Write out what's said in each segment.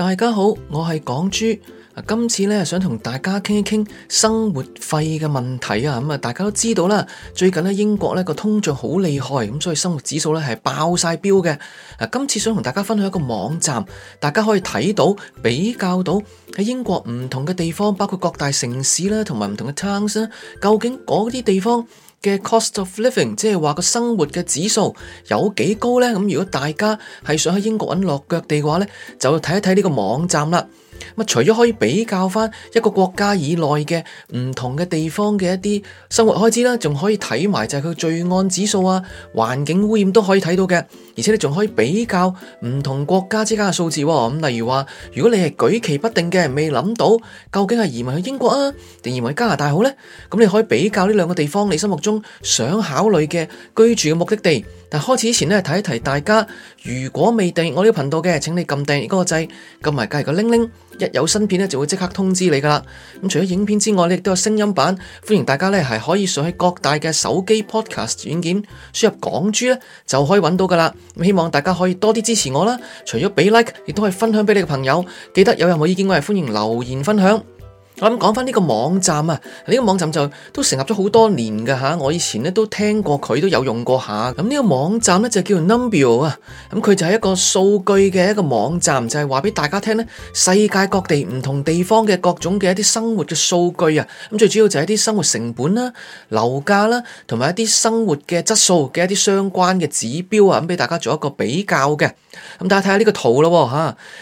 大家好，我係港豬，今次咧，想同大家傾一傾生活費嘅問題啊。咁啊，大家都知道啦，最近咧英國咧個通脹好厲害，咁所以生活指數咧係爆晒錶嘅。啊，今次想同大家分享一個網站，大家可以睇到比較到喺英國唔同嘅地方，包括各大城市啦，同埋唔同嘅 towns，究竟嗰啲地方嘅 cost of living，即係話個生活嘅指數有幾高咧？咁如果大家係想喺英國揾落腳地嘅話咧，就睇一睇呢個網站啦。除咗可以比較返一個國家以內嘅唔同嘅地方嘅一啲生活開支啦，仲可以睇埋就係佢罪案指數啊，環境污染都可以睇到嘅。而且你仲可以比較唔同國家之間嘅數字喎、哦嗯。例如話，如果你係舉棋不定嘅，未諗到究竟係移民去英國啊，定移民去加拿大好呢？咁你可以比較呢兩個地方，你心目中想考慮嘅居住嘅目的地。但開始之前咧，提一提大家，如果未訂我呢個頻道嘅，請你撳訂嗰個掣，撳埋隔離個鈴鈴，一有新片咧就會即刻通知你噶啦。咁除咗影片之外，咧亦都有聲音版，歡迎大家咧係可以上去各大嘅手機 Podcast 軟件輸入港豬咧就可以揾到噶啦。希望大家可以多啲支持我啦，除咗俾 like，亦都可以分享俾你嘅朋友。記得有任何意見，我係歡迎留言分享。我咁講翻呢個網站啊，呢、這個網站就都成立咗好多年嘅嚇。我以前咧都聽過佢都有用過下。咁、這、呢個網站咧就叫 Numbeo 啊，咁佢就係一個數據嘅一個網站，就係話俾大家聽咧，世界各地唔同地方嘅各種嘅一啲生活嘅數據啊。咁最主要就係一啲生活成本啦、樓價啦，同埋一啲生活嘅質素嘅一啲相關嘅指標啊，咁俾大家做一個比較嘅。咁大家睇下呢個圖咯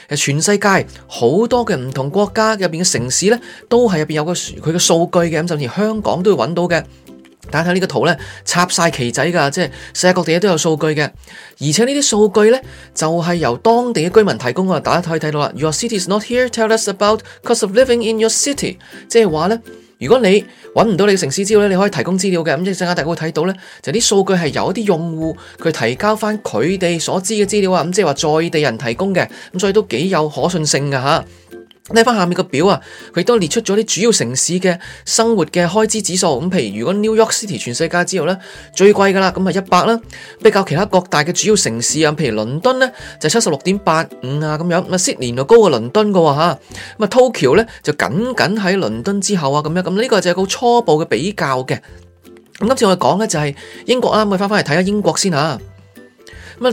嚇，全世界好多嘅唔同國家入邊嘅城市咧。都係入邊有個佢嘅數據嘅，咁就連香港都會搵到嘅。大家睇呢個圖咧，插晒旗仔噶，即係世界各地都有數據嘅。而且呢啲數據呢，就係、是、由當地嘅居民提供啊。大家可以睇到啦，Your city is not here. Tell us about cost of living in your city。即係話呢，如果你搵唔到你嘅城市資料咧，你可以提供資料嘅。咁即係大家睇會睇到呢，就啲、是、數據係由一啲用戶佢提交翻佢哋所知嘅資料啊。咁、嗯、即係話在地人提供嘅，咁、嗯、所以都幾有可信性嘅吓。睇翻下面個表啊，佢亦都列出咗啲主要城市嘅生活嘅開支指數。咁譬如如果 New York City 全世界之後呢，最貴㗎喇，咁係一百啦。比較其他各大嘅主要城市啊，譬如倫敦呢，就七十六點八五啊咁樣。咁 Sydney 又高過倫敦嘅喎嚇。咁啊 Tokyo 呢，就僅僅喺倫敦之後啊咁樣。咁、這、呢個就係個初步嘅比較嘅。咁、啊、今次我哋講咧就係英國啊。咁我哋翻翻嚟睇下英國先嚇。啊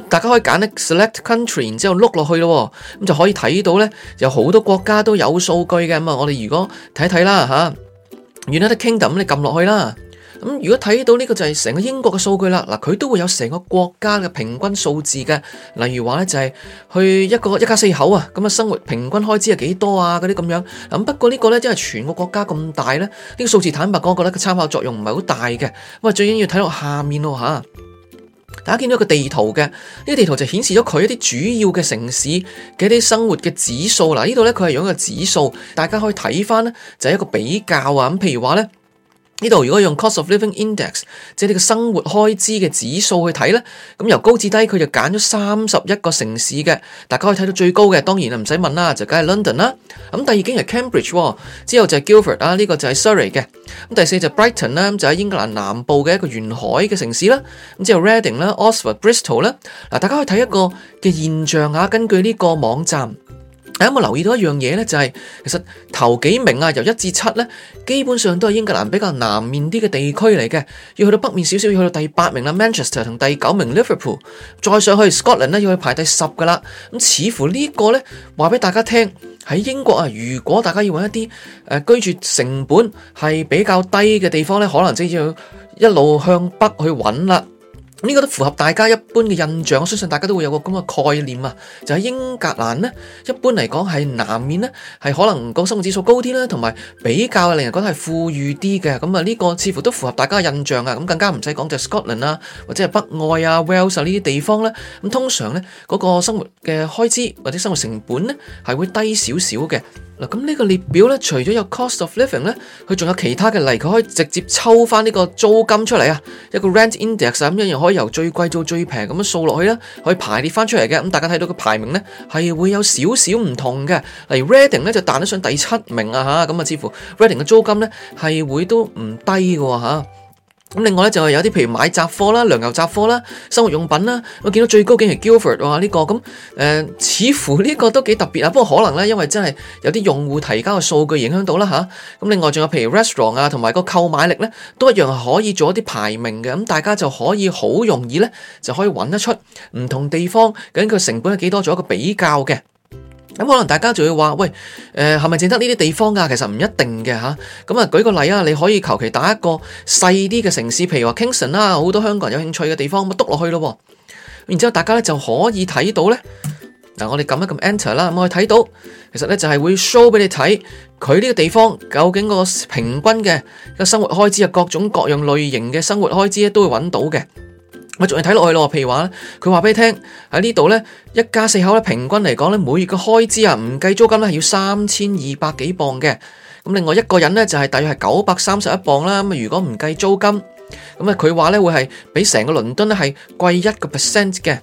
大家可以揀咧，select country，然之後碌落去咯，咁就可以睇到咧，有好多國家都有數據嘅。咁、嗯、啊，我哋如果睇睇啦嚇，United Kingdom 你撳落去啦。咁如果睇到呢個就係成個英國嘅數據啦，嗱，佢都會有成個國家嘅平均數字嘅。例如話咧，就係去一個一家四口啊，咁嘅生活平均開支係幾多啊？嗰啲咁樣。咁不過個呢個咧，真係全個國家咁大咧，啲、這、數、個、字，坦白講，我覺得個參考作用唔係好大嘅。咁啊，最緊要睇落下面喎嚇。啊大家見到一個地圖嘅，呢個地圖就顯示咗佢一啲主要嘅城市嘅一啲生活嘅指數。嗱，呢度咧佢係用一個指數，大家可以睇翻咧就係一個比較啊。咁譬如話咧。呢度如果用 cost of living index，即係你嘅生活開支嘅指數去睇咧，咁由高至低佢就揀咗三十一個城市嘅，大家可以睇到最高嘅，當然啊唔使問啦，就梗係 London 啦。咁第二經係 Cambridge，之後就係 Guildford 啦，呢個就係 Surrey 嘅。咁第四就 Brighton 啦，就喺英格蘭南部嘅一個沿海嘅城市啦。咁之後 Reading 啦，Oxford，Bristol 啦。嗱，大家可以睇一個嘅現象啊，根據呢個網站。你有冇留意到一樣嘢呢？就係其實頭幾名啊，由一至七呢，基本上都係英格蘭比較南面啲嘅地區嚟嘅。要去到北面少少，要去到第八名啦，Manchester 同第九名 Liverpool，再上去 Scotland 呢，要去排第十㗎喇。咁似乎呢個呢，話畀大家聽，喺英國啊，如果大家要搵一啲居住成本係比較低嘅地方呢，可能就要一路向北去搵喇。呢個都符合大家一般嘅印象，我相信大家都會有個咁嘅概念啊！就喺英格蘭咧，一般嚟講係南面咧，係可能個生活指數高啲啦，同埋比較令人覺得係富裕啲嘅。咁啊，呢個似乎都符合大家嘅印象啊！咁更加唔使講就 Scotland 啊，或者係北愛啊、Wales 呢、啊、啲地方咧，咁通常咧、嗰個生活嘅開支或者生活成本咧係會低少少嘅。嗱，咁呢個列表咧，除咗有 cost of living 咧，佢仲有其他嘅例，佢可以直接抽翻呢個租金出嚟啊，一個 rent index 啊，咁一樣可以。由最貴到最平咁樣數落去啦，可以排列翻出嚟嘅。咁大家睇到個排名咧，係會有少少唔同嘅。例如 Reading 咧就彈得上第七名啊吓，咁啊，似乎 Reading 嘅租金咧係會都唔低嘅吓。另外咧就係有啲譬如買雜貨啦、糧油雜貨啦、生活用品啦，我見到最高點係 Guildford 哇、這、呢個咁、呃、似乎呢個都幾特別啊，不過可能咧因為真係有啲用戶提交嘅數據影響到啦吓。咁、啊、另外仲有譬如 restaurant 啊，同埋個購買力咧都一樣可以做一啲排名嘅，咁大家就可以好容易呢，就可以搵得出唔同地方究竟個成本係幾多，做一個比較嘅。咁可能大家就會話，喂，誒係咪淨得呢啲地方㗎、啊？其實唔一定嘅嚇。咁啊，舉個例啊，你可以求其打一個細啲嘅城市，譬如話 Kingston 啦，好多香港人有興趣嘅地方，咪督落去咯、啊。然之後大家咧就可以睇到咧，嗱我哋撳一撳 Enter 啦，啊、嗯、我睇到其實咧就係、是、會 show 俾你睇，佢呢個地方究竟嗰個平均嘅嘅生活開支啊，各種各樣類型嘅生活開支咧都會揾到嘅。我仲要睇落去咯，譬如話，佢話俾你聽喺呢度咧，一家四口咧平均嚟講咧，每月嘅開支啊，唔計租金咧，係要三千二百幾磅嘅。咁另外一個人咧就係、是、大約係九百三十一磅啦。咁如果唔計租金，咁啊，佢話咧會係比成個倫敦咧係貴一個 percent 嘅。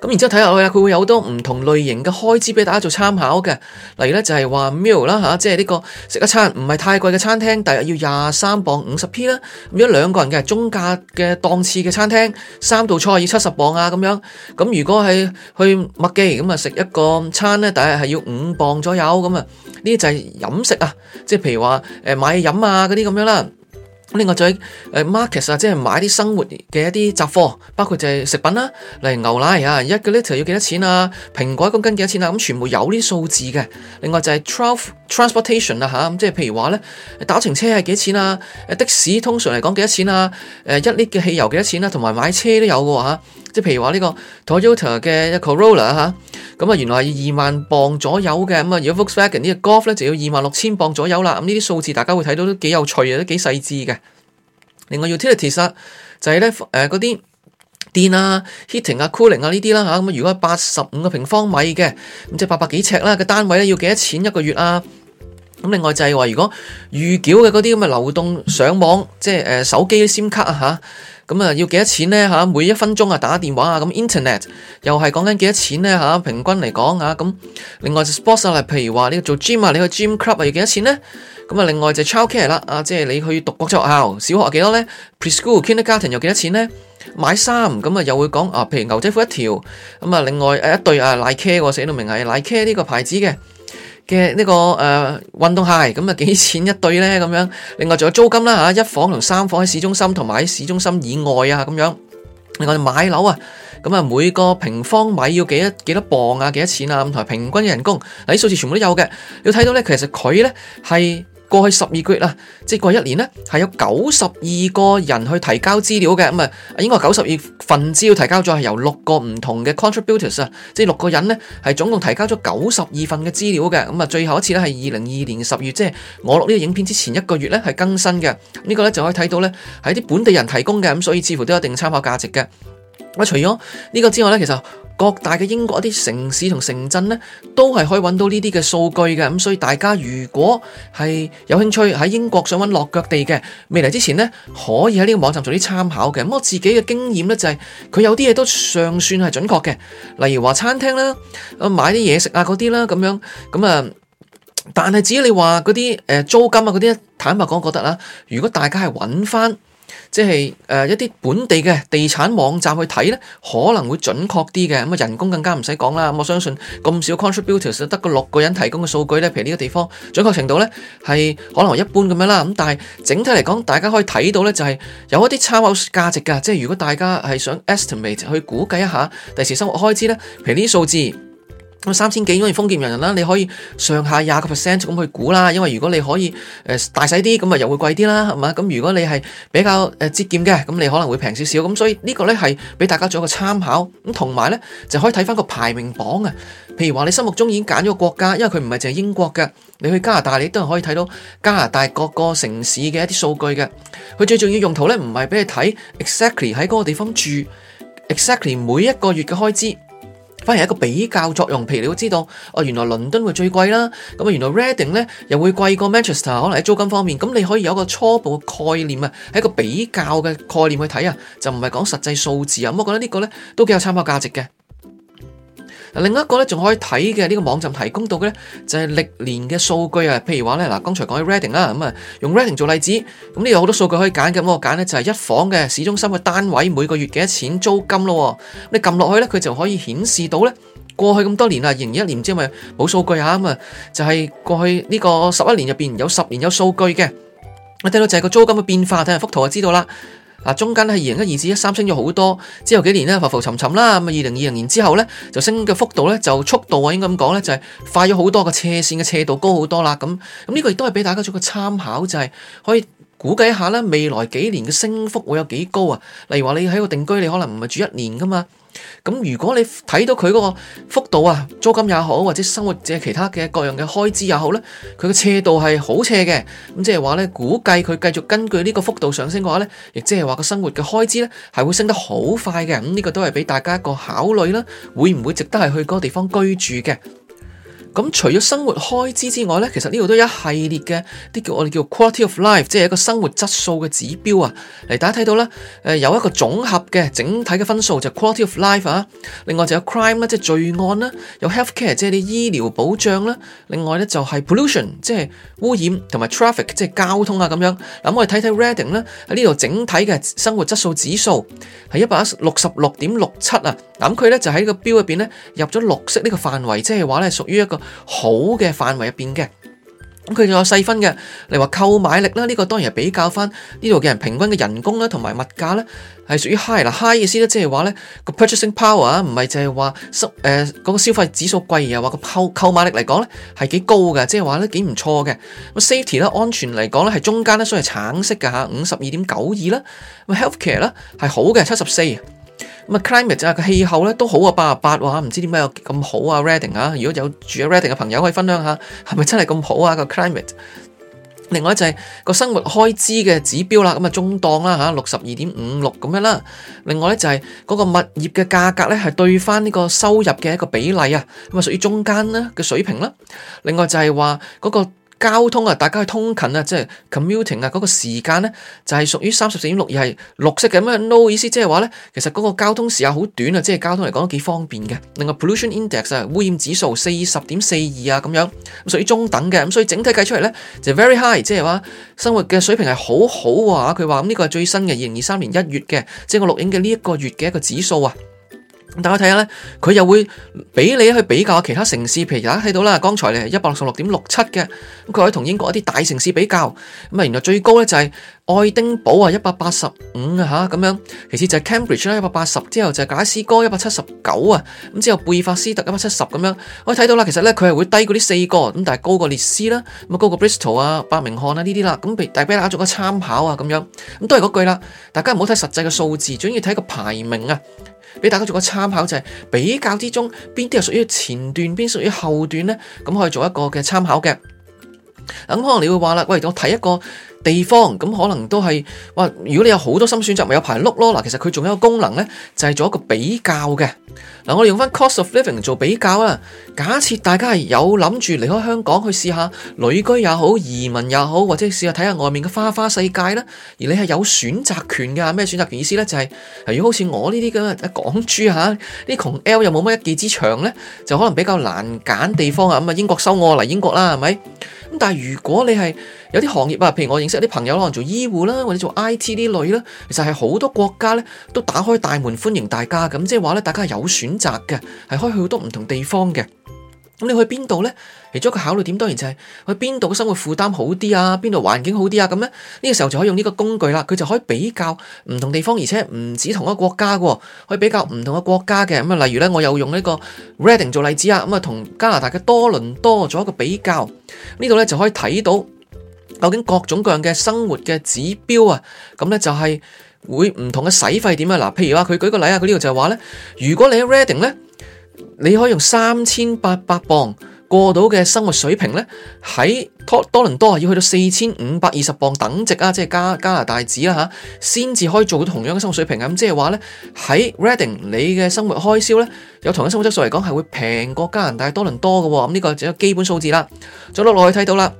咁然之後睇下去，啊，佢會有好多唔同類型嘅開支畀大家做參考嘅。例如咧就係話，meal 啦嚇，即係呢個食一餐唔係太貴嘅餐廳，大約要廿三磅五十 p 啦、啊。咁樣兩個人嘅中價嘅檔次嘅餐廳，三道菜要七十磅啊咁樣。咁、啊、如果係去麥記咁啊，食一個餐咧，大約係要五磅左右咁啊。呢啲就係飲食啊，即係譬如話誒、呃、買嘢飲啊嗰啲咁樣啦。啊另外就係誒 market 啊，即係買啲生活嘅一啲雜貨，包括就係食品啦，例如牛奶啊，一個 litre，要幾多錢啊，蘋果一公斤幾多錢啊，咁全部有啲數字嘅。另外就係 travel transportation 啊嚇，即係譬如話咧打程車係幾多錢啊，的士通常嚟講幾多錢啊，誒一 litre 嘅汽油幾多錢啊，同埋買車都有嘅嚇。啊即係譬如話呢個 Toyota 嘅 Corolla 啊嚇，咁啊原來係二萬磅左右嘅，咁啊如果 Volkswagen 呢個 Golf 咧就要二萬六千磅左右啦。咁呢啲數字大家會睇到都幾有趣啊，都幾細緻嘅。另外 utilities 啊，就係咧誒嗰啲電啊、heating 啊、cooling 啊呢啲啦嚇。咁如果係八十五個平方米嘅，咁即係八百幾尺啦嘅單位咧要幾多錢一個月啊？另外就係話，如果預繳嘅嗰啲咁嘅流動上網，即係誒手機 SIM 卡啊嚇，咁啊要幾多錢咧嚇？每一分鐘啊打電話啊，咁、嗯、Internet 又係講緊幾多錢咧嚇、啊？平均嚟講啊，咁另外就 sports 啦，譬如話你做 gym 啊，你去 gym club 又要幾多錢咧？咁啊，另外就，ports,、啊 m, club, 嗯、另外就 child care 啦、啊，啊即係你去讀國際學校、小學呢、Pre、school，又幾多咧？preschool kindergarten 又幾多錢咧？買衫咁啊，又會講啊，譬如牛仔褲一條，咁、嗯、啊，另外誒一對啊 Nike 喎，寫到明係 Nike 呢個牌子嘅。嘅呢、這個誒、呃、運動鞋咁啊幾錢一對咧咁樣。另外仲有租金啦嚇、啊，一房同三房喺市中心同埋喺市中心以外啊咁樣。另外買樓啊，咁啊每個平方米要幾多幾多磅啊幾多錢啊，同埋平均嘅人工，啲、啊、數字全部都有嘅，要睇到咧其實佢咧係。過去十二個月啊，即係過去一年呢，係有九十二個人去提交資料嘅咁啊，應該九十二份資料提交咗，係由六個唔同嘅 contributors 啊，即係六個人呢，係總共提交咗九十二份嘅資料嘅咁啊。最後一次咧係二零二二年十月，即係我錄呢個影片之前一個月咧，係更新嘅、這個、呢個咧就可以睇到咧係一啲本地人提供嘅咁，所以似乎都有一定參考價值嘅。我除咗呢個之外咧，其實。各大嘅英國一啲城市同城鎮呢，都係可以揾到呢啲嘅數據嘅。咁、嗯、所以大家如果係有興趣喺英國想揾落腳地嘅，未嚟之前呢，可以喺呢個網站做啲參考嘅。咁、嗯、我自己嘅經驗呢，就係、是，佢有啲嘢都尚算係準確嘅，例如話餐廳啦，買啲嘢食啊嗰啲啦咁樣。咁、嗯、啊，但係至於你話嗰啲誒租金啊嗰啲，坦白講我覺得啦，如果大家係揾翻。即係誒、呃、一啲本地嘅地產網站去睇咧，可能會準確啲嘅。咁啊人工更加唔使講啦。咁、嗯、我相信咁少 contributors 得個六個人提供嘅數據咧，譬如呢個地方準確程度咧係可能一般咁樣啦。咁但係整體嚟講，大家可以睇到咧就係、是、有一啲參考價值㗎。即係如果大家係想 estimate 去估計一下第時生活開支咧，譬如呢啲數字。咁三千幾可以豐儉人人啦，你可以上下廿個 percent 咁去估啦，因為如果你可以大洗啲，咁咪又會貴啲啦，係嘛？咁如果你係比較誒節儉嘅，咁你可能會平少少。咁所以呢個咧係俾大家做一個參考。咁同埋咧就可以睇翻個排名榜啊。譬如話你心目中已經揀咗個國家，因為佢唔係淨係英國嘅。你去加拿大你都係可以睇到加拿大各個城市嘅一啲數據嘅。佢最重要用途咧唔係俾你睇 exactly 喺嗰個地方住，exactly 每一個月嘅開支。反而係一個比較作用，譬如你會知道哦，原來倫敦會最貴啦，咁原來 Reading 呢又會貴過 Manchester，可能喺租金方面，咁你可以有個初步嘅概念啊，係一個比較嘅概念去睇啊，就唔係講實際數字啊，咁我覺得呢個呢都幾有參考價值嘅。另一個咧，仲可以睇嘅呢個網站提供到嘅咧，就係歷年嘅數據啊。譬如話咧，嗱，剛才講起 rating 啦，咁啊，用 rating 做例子，咁呢有好多數據可以揀嘅。我揀咧，就係一房嘅市中心嘅單位每個月幾多錢租金咯。你撳落去咧，佢就可以顯示到咧，過去咁多年啊，然一年唔知係咪冇數據嚇，咁啊就係、是、過去呢個十一年入邊有十年有數據嘅。我睇到就係個租金嘅變化，睇下幅圖就知道啦。中間咧係二零一二至一三升咗好多，之後幾年咧浮浮沉沉啦，咁二零二零年之後咧就升嘅幅度咧就速度啊，我應該咁講咧就係快咗好多，個斜線嘅斜度高好多啦，咁咁呢個亦都係俾大家做個參考，就係可以估計一下咧未來幾年嘅升幅會有幾高啊，例如話你喺個定居，你可能唔係住一年噶嘛。咁如果你睇到佢嗰個幅度啊，租金也好，或者生活者其他嘅各樣嘅開支也好咧，佢嘅斜度係好斜嘅，咁即係話呢，估計佢繼續根據呢個幅度上升嘅話呢，亦即係話個生活嘅開支呢係會升得好快嘅，咁、這、呢個都係俾大家一個考慮啦，會唔會值得係去嗰個地方居住嘅？咁除咗生活開支之外咧，其實呢度都有一系列嘅啲叫我哋叫 quality of life，即係一個生活質素嘅指標啊。嚟大家睇到啦，誒有一個總合嘅整體嘅分數就係 quality of life 啊。另外就有 crime 啦，即係罪案啦；有 health care，即係啲醫療保障啦。另外咧就係 pollution，即係污染同埋 traffic，即係交通啊咁樣，嗱、嗯，我哋睇睇 Reading 咧喺呢度整體嘅生活質素指數係一百六十六點六七啊。咁佢咧就喺個表入邊咧入咗綠色呢個範圍，即係話咧屬於一個。好嘅範圍入邊嘅，咁佢仲有細分嘅，例如話購買力啦，呢個當然係比較翻呢度嘅人平均嘅人工啦 High，同埋物價咧，係屬於 high 嗱 high 意思啦，即係話咧個 purchasing power 啊，唔係就係話誒嗰個消費指數貴而係話個購買力嚟講咧係幾高嘅，即係話咧幾唔錯嘅。咁 safety 啦，安全嚟講咧係中間咧，所以係橙色嘅嚇，五十二點九二啦，咁 healthcare 啦係好嘅，七十四。climate 就係個氣候咧，都、啊、好啊，八十八喎，唔知點解有咁好啊？Reading 啊，如果有住咗 Reading 嘅朋友可以分享下，係咪真係咁好啊？個 climate。另外就係、是、個生活開支嘅指標啦，咁啊中檔啦嚇，六十二點五六咁樣啦。另外咧就係、是、嗰、那個物業嘅價格咧，係對返呢個收入嘅一個比例啊，咁啊屬於中間咧嘅水平啦、啊。另外就係話嗰交通啊，大家去通勤啊，即係 commuting 啊，嗰個時間呢，就係屬於三十四點六二係綠色嘅，咁啊 no 意思，即係話呢，其實嗰個交通時間好短啊，即係交通嚟講都幾方便嘅。另外 pollution index 啊，污染指數四十點四二啊，咁樣，屬於中等嘅，咁所以整體計出嚟呢，就 very high，即係話生活嘅水平係好好啊。佢話呢個係最新嘅二零二三年一月嘅，即係我錄影嘅呢一個月嘅一個指數啊。大家睇下咧，佢又會俾你去比較其他城市，譬如大家睇到啦，剛才你係一百六十六點六七嘅，咁佢可以同英國一啲大城市比較。咁啊，原來最高咧就係愛丁堡啊，一百八十五啊咁樣，其次就係 Cambridge 啦，一百八十，之後就係格拉斯哥一百七十九啊，咁之後貝法斯特一百七十咁樣。可以睇到啦，其實咧佢係會低嗰啲四個，咁但係高過列斯啦，咁高過 Bristol 啊、伯明翰啊呢啲啦，咁俾大俾大家做個參考啊咁樣。咁都係嗰句啦，大家唔好睇實際嘅數字，主要睇個排名啊。俾大家做個參考，就係比較之中，邊啲係屬於前段，邊屬於後段呢？咁可以做一個嘅參考嘅。咁、嗯、可能你會話啦，喂，我睇一個地方咁、嗯，可能都係，哇，如果你有好多心選擇，咪有排碌咯。嗱，其實佢仲有一個功能呢，就係、是、做一個比較嘅。嗱、嗯，我哋用翻 cost of living 做比較啦。假設大家係有諗住離開香港去試下旅居也好，移民也好，或者試下睇下外面嘅花花世界呢，而你係有選擇權嘅，咩選擇權意思呢？就係、是，如果好似我呢啲咁嘅港豬吓，啲窮 L 又冇乜一技之長呢？就可能比較難揀地方啊。咁、嗯、啊，英國收我嚟英國啦，係咪？但係如果你係有啲行業啊，譬如我認識啲朋友可能做醫護啦，或者做 I T 呢類啦，其實係好多國家咧都打開大門歡迎大家咁，即係話咧大家有選擇嘅，係可以去好多唔同地方嘅。咁你去邊度呢？其中一個考慮點當然就係去邊度嘅生活負擔好啲啊，邊度環境好啲啊？咁咧呢、呢個時候就可以用呢個工具啦，佢就可以比較唔同地方，而且唔止同一個國家嘅，可以比較唔同嘅國家嘅。咁啊，例如呢，我又用呢個 Reading 做例子啊，咁啊，同加拿大嘅多倫多做一個比較。呢度呢，就可以睇到究竟各種各樣嘅生活嘅指標啊，咁呢，就係會唔同嘅使費點啊。嗱，譬如話佢舉個例啊，佢呢度就係話呢：如果你喺 Reading 呢。你可以用三千八百磅過到嘅生活水平呢，喺多多倫多啊，要去到四千五百二十磅等值啊，即係加加拿大紙啦吓，先至可以做到同樣嘅生活水平。咁即係話呢，喺 Reading 你嘅生活開銷呢，有同樣生活質素嚟講，係會平過加拿大多倫多嘅喎。咁、這、呢個就有基本數字啦。再落落去睇到啦，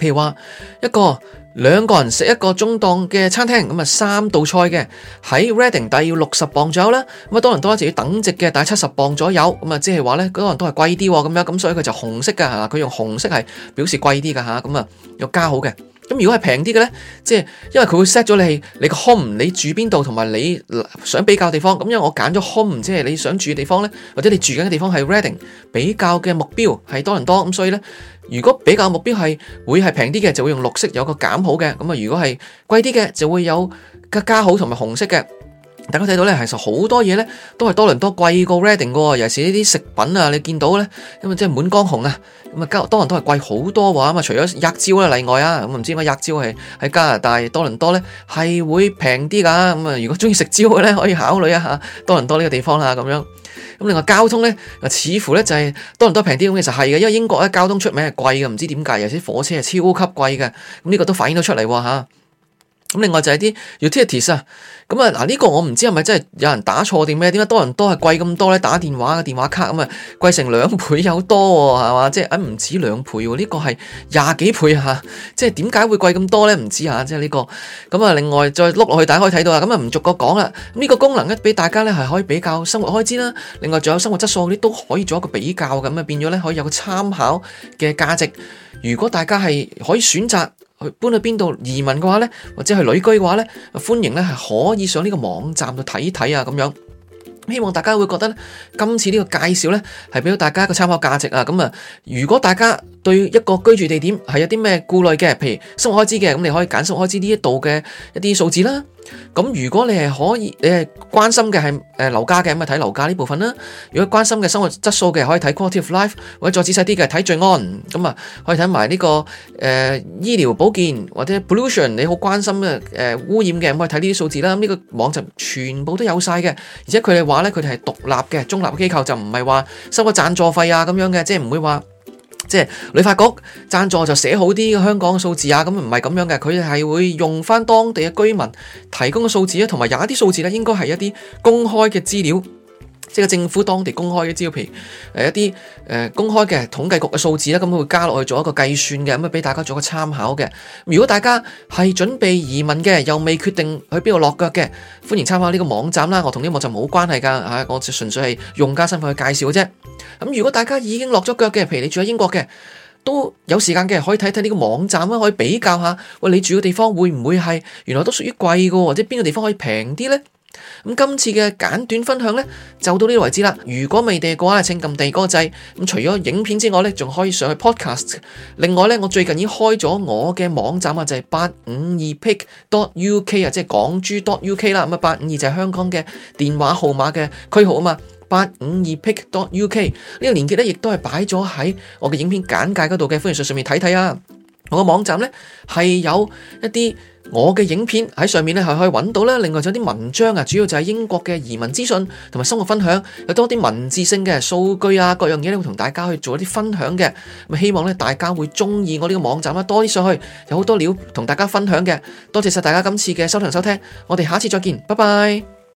譬如話一個。兩個人食一個中檔嘅餐廳，咁啊三道菜嘅喺 Reading 要六十磅左右啦，咁啊多倫多就要等值嘅，大約七十磅左右，咁啊即係話咧，嗰人都係貴啲咁樣，咁所以佢就紅色噶吓，佢用紅色係表示貴啲噶吓，咁啊要加好嘅。咁如果係平啲嘅呢？即係因為佢會 set 咗你係你個 home，你住邊度同埋你想比較的地方。咁因為我揀咗 home，即係你想住嘅地方咧，或者你住緊嘅地方係 Reading，比較嘅目標係多倫多，咁所以呢，如果比較的目標係會係平啲嘅，就會用綠色有個減號嘅。咁啊，如果係貴啲嘅，就會有加號同埋紅色嘅。大家睇到咧，其實好多嘢咧都係多倫多貴過 Reading 嘅，尤其是呢啲食品啊，你見到咧，咁啊即係滿江紅啊，咁啊多倫多係貴好多喎，咁啊除咗鴨蕉咧例外啊，咁唔知點解鴨蕉係喺加拿大多倫多咧係會平啲㗎，咁啊如果中意食蕉嘅咧可以考慮一下多倫多呢個地方啦，咁樣。咁另外交通咧，似乎咧就係多倫多平啲，咁其實係嘅，因為英國咧交通出名係貴嘅，唔知點解，尤其是火車係超級貴嘅，咁呢個都反映到出嚟嚇。另外就係啲 utilities 啊，咁啊嗱呢個我唔知係咪真係有人打錯定咩？點解多人多係貴咁多呢？打電話嘅電話卡咁啊，貴成兩倍有多喎，係嘛？即係唔止兩倍，呢個係廿幾倍吓！即係點解會貴咁多呢？唔止啊，即係呢個。咁啊，另外再碌落去，大家可以睇到啊。咁啊，唔逐個講啦。呢個功能呢，俾大家呢係可以比較生活開支啦。另外仲有生活質素嗰啲都可以做一個比較，咁啊變咗呢，可以有個參考嘅價值。如果大家係可以選擇。搬去邊度移民嘅話咧，或者去旅居嘅話咧，歡迎咧係可以上呢個網站度睇睇啊，咁樣。希望大家會覺得今次呢個介紹呢係俾到大家一個參考價值啊！咁、嗯、啊，如果大家對一個居住地點係有啲咩顧慮嘅，譬如生活開支嘅，咁、嗯、你可以揀生活開支呢一度嘅一啲數字啦。咁、嗯、如果你係可以，你係關心嘅係誒樓價嘅，咁咪睇樓價呢部分啦。如果關心嘅生活質素嘅，可以睇 Quality of Life；或者再仔細啲嘅睇罪案。咁啊、嗯嗯，可以睇埋呢個誒、呃、醫療保健或者 Pollution。你好關心誒、呃、污染嘅，咁啊睇呢啲數字啦。咁、嗯、呢、這個網站全部都有晒嘅，而且佢哋話。佢哋係獨立嘅中立嘅機構，就唔係話收個贊助費啊咁樣嘅，即係唔會話即係旅發局贊助就寫好啲香港數字啊，咁唔係咁樣嘅，佢哋係會用返當地嘅居民提供嘅數字咧，同埋有一啲數字咧，應該係一啲公開嘅資料。即係政府當地公開嘅資料，譬如誒一啲誒、呃、公開嘅統計局嘅數字啦，咁佢會加落去做一個計算嘅，咁啊俾大家做一個參考嘅。如果大家係準備移民嘅，又未決定去邊度落腳嘅，歡迎參考呢個網站啦。我同呢個網站冇關係㗎嚇，我就純粹係用家身份去介紹嘅啫。咁如果大家已經落咗腳嘅，譬如你住喺英國嘅，都有時間嘅，可以睇睇呢個網站啦，可以比較下。喂，你住嘅地方會唔會係原來都屬於貴㗎？或者邊個地方可以平啲咧？咁今次嘅簡短分享呢，就到呢度為止啦。如果未地嘅話，請撳地個掣。咁除咗影片之外呢，仲可以上去 Podcast。另外呢，我最近已經開咗我嘅網站啊，就係、是、八五二 pig dot uk 啊，即係港豬 dot uk 啦。咁啊，八五二就係香港嘅電話號碼嘅區號啊嘛。八五二 pig dot uk 呢、這個連結呢，亦都係擺咗喺我嘅影片簡介嗰度嘅歡迎上上面睇睇啊。我嘅網站呢，係有一啲。我嘅影片喺上面咧係可以揾到啦，另外仲有啲文章啊，主要就係英國嘅移民資訊同埋生活分享，有多啲文字性嘅數據啊，各樣嘢都會同大家去做一啲分享嘅，希望大家會中意我呢個網站啦，多啲上去有好多料同大家分享嘅，多謝晒大家今次嘅收睇收聽，我哋下次再見，拜拜。